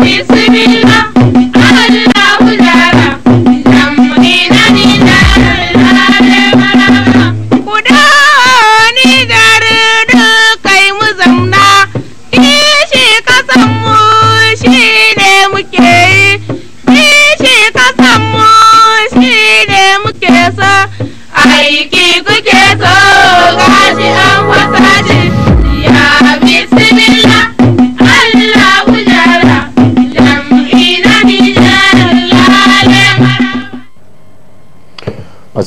bismillah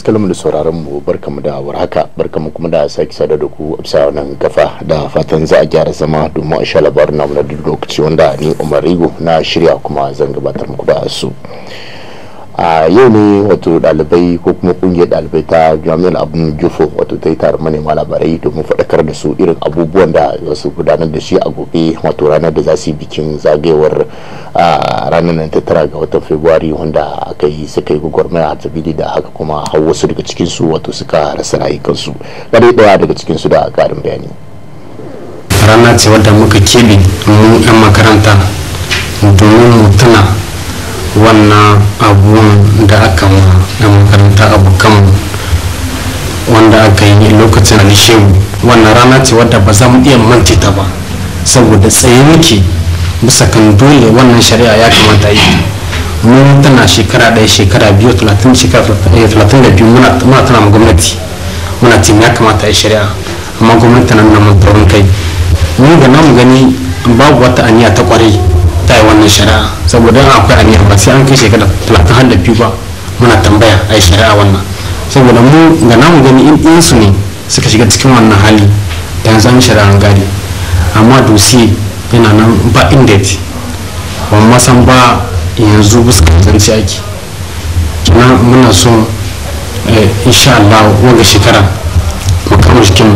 masu da sauraron mu barkamu da warhaka barkamu kuma da sake sada da ku a bisa wannan kafa da fatan za a gyara zama domin a sha labarin namu na duk lokaci wanda ni Umar Rigo na shirya kuma zan gabatar muku da su. a yau ne wato dalibai ko kuma kungiyar dalibai ta jami'ar abun jufo wato ta yi taron manema labarai domin faɗakar da su irin abubuwan da za su gudanar da shi a gobe wato ranar da za su yi bikin zagayewar ranar nan ta tara ga watan februari wanda aka yi suka yi gwagwarmaya a tabili da haka kuma hau wasu daga cikinsu wato suka rasa rayukansu kadai ɗaya daga daga cikinsu da ƙarin bayani rana ce wadda muka keɓe mu 'yan makaranta domin mu tuna wannan abun da aka ma da makaranta kan wanda aka yi lokacin da wannan rana ce wadda ba za mu iya manta ta ba saboda tsaye muke bisa kan dole wannan shari'a ya kamata yi mun tana shekara ɗaya shekara biyu talatin shekara talatin eh, da biyu muna tana ma gwamnati muna ce ya kamata yi shari'a amma gwamnati nan na mun kai mun ga namu gani babu wata aniya ta kwarai ta yi wannan shari'a saboda akwai aniyar ba sai an kai shekara talatin har da biyu ba muna tambaya a yi shari'a wannan saboda mu ga namu gani in su ne suka shiga cikin wannan hali da yanzu an shari'a gari amma dosi yana nan ba inda ya ban masan ba yanzu bisa kanzanci ake kenan muna so eh, insha Allah wanga shekara mu kama jikin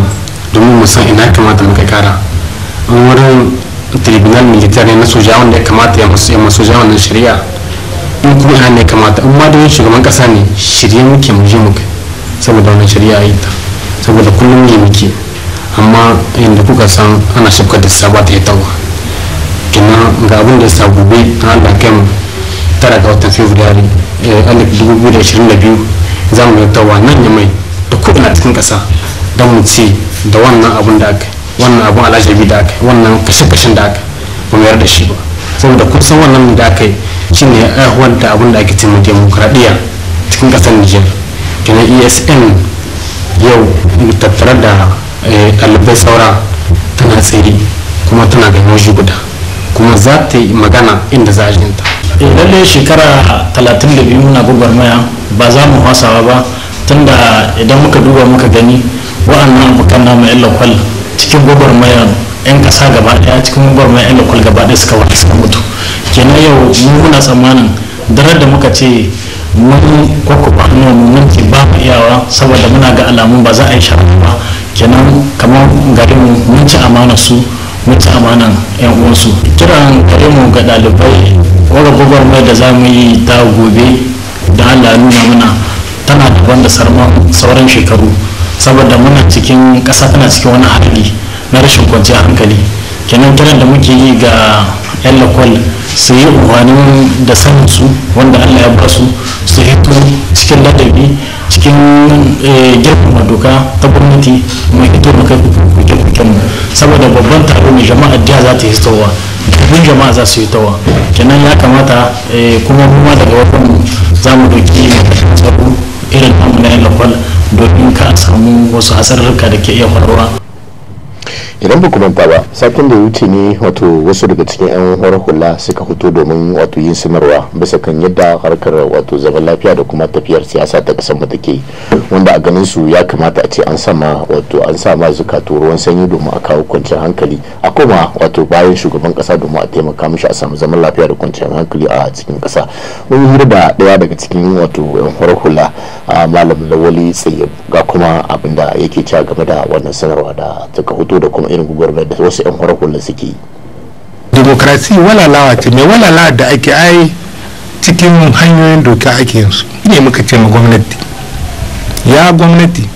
domin mu san ina kamata mu kai kara an wurin tribunal militar ne na soja wanda ya kamata ya masu yamma soja wannan shari'a in kuma yana ne kamata in ma da shugaban kasa ne shirye muke mu je muke saboda wannan shari'a yi ta saboda kullum ne muke amma yadda kuka san ana shafka da saba ta yi kina ga abin da ya sa gobe an allah kai tara ga watan february eh, alif dubu biyu da ashirin da biyu za mu yi tawa nan ya mai da na cikin kasa don mu ce da wannan abin da aka wannan abun alajabi da aka wannan fashe-fashen da aka mayar da shi ba saboda kun san wannan da aka yi shi ne aihuwar da abun da ake cimma demokuraɗiyya cikin ƙasar nijar kenan esn yau tattare da eh, ɗalibai saura tana tsiri kuma tana ga noji guda kuma za ta yi magana inda za a jinta eh, lalle shekara 32 na gwagwarmaya ba za mu hasawa ba tunda idan muka duba muka gani wa'annan abokan namu yan cikin gwagwarmayar 'yan kasa gaba daya cikin gwagwarmayar 'yan lokal gaba daya suka wata suka mutu kenan yau mu muna tsammanin darar da muka ce mun kwakwaba hannu mun ke ba mu iyawa saboda muna ga alamun ba za a yi shara ba kenan kamar gare mu mun ci amana su mun ci amanan 'yan uwansu kiran gare mu ga dalibai wadda gwagwarmayar da za mu yi ta gobe da Allah nuna mana tana daban da sauran shekaru saboda muna cikin ƙasa tana cikin wani hali na rashin kwanciyar hankali kenan kiran da muke yi ga yan lakwal su yi umarnin da sanin su wanda allah ya ba su su hito cikin ladabi cikin eh, girmama doka ta gwamnati mai hito mu kai kuke mu saboda babban taro ne jama'a jiya za ta hitowa dubin jama'a za su hitowa kenan ya kamata eh, kuma mu daga wajen zamu doki irin namu na yan lakwal domin ka samu wasu hasarruka da ke iya faruwa idan ba ku manta ba satin da ya wuce ne wato wasu daga cikin yan horar hula suka fito domin wato yin sanarwa bisa kan yadda harkar wato zaman lafiya da kuma tafiyar siyasa ta kasar mu take wanda a ganin su ya kamata a ce an sama wato an sama zukatu ruwan sanyi domin a kawo kwanciyar hankali a kuma wato bayan shugaban kasa domin a taimaka mishi a samu zaman lafiya da kwanciyar hankali a cikin kasa mun yi da daya daga cikin wato yan horar hula a malam lawali tsaye ga kuma abinda yake cewa game da wannan sanarwa da ta fito da kuma irin gwagwarmayar da wasu 'yan kwarar suke yi demokrasi walalawa ce mai da ake ai cikin hanyoyin doka ake yin su ne muka ce ma gwamnati ya gwamnati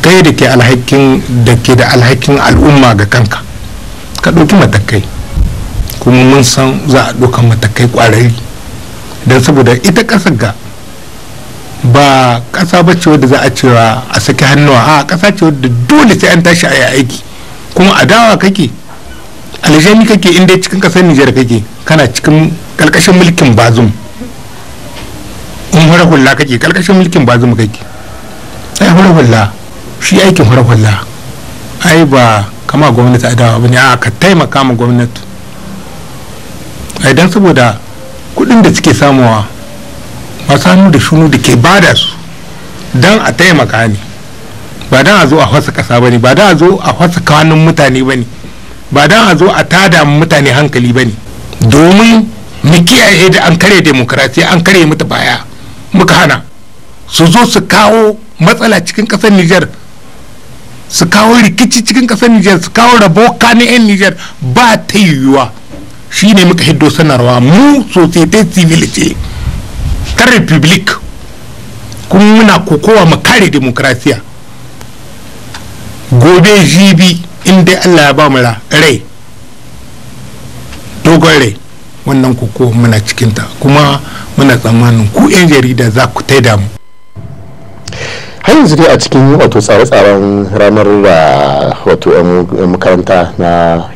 kai da ke alhakin da ke da alhakin al'umma ga kanka ka ɗauki matakai kuma mun san za a ɗauka matakai ƙwararri don saboda ita kasa ga ba ƙasa ba ce wadda za a cewa a saki hannuwa a ƙasa ce wadda dole sai an tashi a yi aiki kuma adawa kake aljani kake inda cikin kasar nijar kake kana cikin karkashin mulkin bazum in hura hulla kake karkashin mulkin bazum kake ai hura hulla shi aikin hura hulla ai ba kama gwamnati adawa bane a ka taimaka ma gwamnati ai dan saboda kudin da suke samuwa masu hannu da shunu da ke bada su don a taimaka ne ba don a zo a fasa kasa ne ba don a zo a fasa kawannin mutane ne ba don a zo a tada mutane hankali ba ne. domin mu kiyaye da an kare demokarasiya an kare mata baya muka hana su zo su kawo matsala cikin kasar Nijar su kawo rikici cikin kasar Nijar su kawo rabo kanin 'yan Nijar ba ta yiwuwa shi ne muka hiddo sanarwa mu societe civil ce ta republic kuma muna kokowa mu kare demokarasiya gobe jibi in dai allah ya ba mu rai dogon rai wannan kuko muna cikinta kuma muna tsammanin ku 'yan jarida za ku taida mu har yanzu dai a cikin wato tsare-tsaren ranar da wato 'yan makaranta na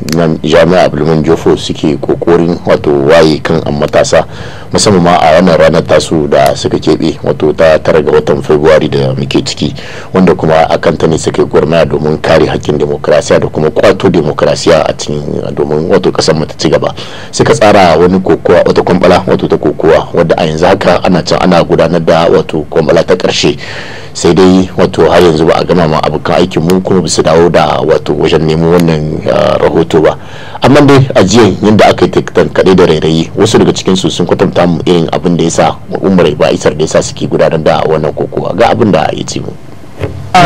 jami'a abulmin jofo suke kokorin wato waye kan an matasa musamman ma a wannan ranar tasu da suka keɓe wato ta tara ga watan februari da muke ciki wanda kuma a kanta ne suke gwarna domin kare hakkin demokrasiya da kuma kwato demokrasiya a cikin domin wato kasar mata ci gaba suka tsara wani kokowa wata kwambala wato ta kokowa wadda a yanzu haka ana can ana gudanar da wato kwambala ta karshe sai dai wato har yanzu ba a gama ma abokan aikin mu kuma bisa dawo da wato wajen nemo wannan ah, rahoto ba amma dai a jiya yadda aka yi tattan kaɗai da rairayi wasu daga cikin su sun kwatanta mu irin abin da ya sa umarai ba isar da ya sa suke gudanar da wannan kokowa ga abin da ya ce mu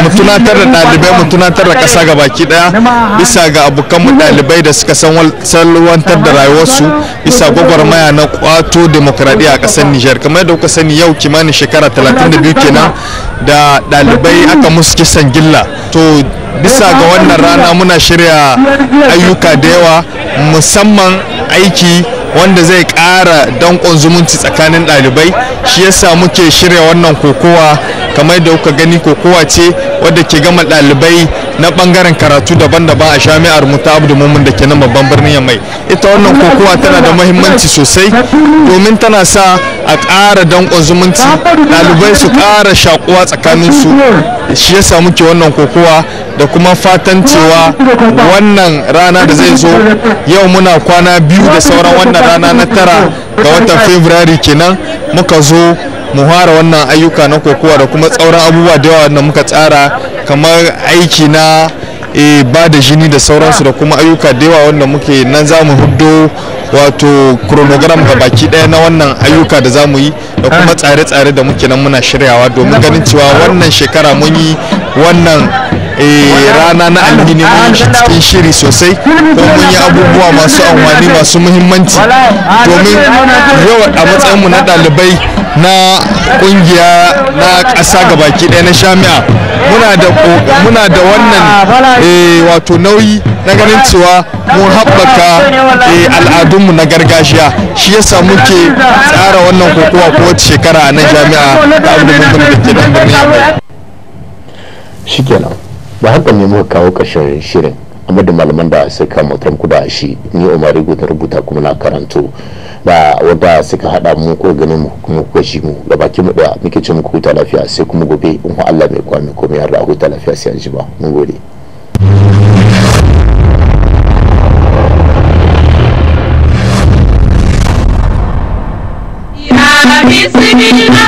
mu tunatar da ɗalibai mu tunatar da ƙasa ga baki ɗaya bisa ga abokan mu ɗalibai da suka san salwantar da rayuwarsu bisa gwagwarmaya na kwato demokradiyya a ƙasar Nijar kamar da kuka sani yau kimanin shekara 32 kenan da ɗalibai aka musu kisan gilla to bisa ga wannan rana muna shirya ayyuka da yawa musamman aiki wanda zai ƙara danƙon zumunci tsakanin ɗalibai shi yasa muke shirya wannan kokowa kamar da kuka gani kokowa ce wadda ke gama ɗalibai na bangaren karatu daban-daban a shami'ar mu ta Abdu da ke nan babban birnin Yamai ita wannan kokowa tana da mahimmanci sosai domin tana sa a ƙara danƙon zumunci ɗalibai su ƙara shakuwa tsakanin su shi ya samu ke wannan kokowa da kuma fatan cewa wannan rana da zai zo yau muna kwana biyu da sauran wannan rana na tara ga watan Fabrairu kenan muka zo mu fara wannan ayyuka na kokowa da kuma tsauran abubuwa da yawa da muka tsara kamar aiki na e, ba da jini da sauransu da kuma ayyuka da yawa wanda muke nan za mu huddo wato chronogram ga baki daya na wannan ayyuka da za mu yi da kuma tsare-tsare da muke nan muna shiryawa domin ganin cewa wannan shekara mun yi wannan eh, rana na alhini mun cikin shiri sosai domin mun yi abubuwa masu amfani masu muhimmanci domin yau a mu na ɗalibai na ƙungiya na ƙasa baki ɗaya na shami'a muna da wannan eh, wato nauyi na ganin cewa mun haɓaka eh, al'adunmu na gargajiya shi yasa muke tsara wannan kokowa wata shekara a nan jami'a da abu da mutum da ke nan birnin shi kenan ba haka ne muka kawo ƙarshen shirin amma da malaman da suka mutum kuda shi ni umari da rubuta kuma na karanto da wanda suka hada mu ko ganin mu kuma kuka shi mu da baki mu da muke ce muku huta lafiya sai kuma gobe in Allah mai kwami komai har da huta lafiya sai an ji ba mun gode Bismillah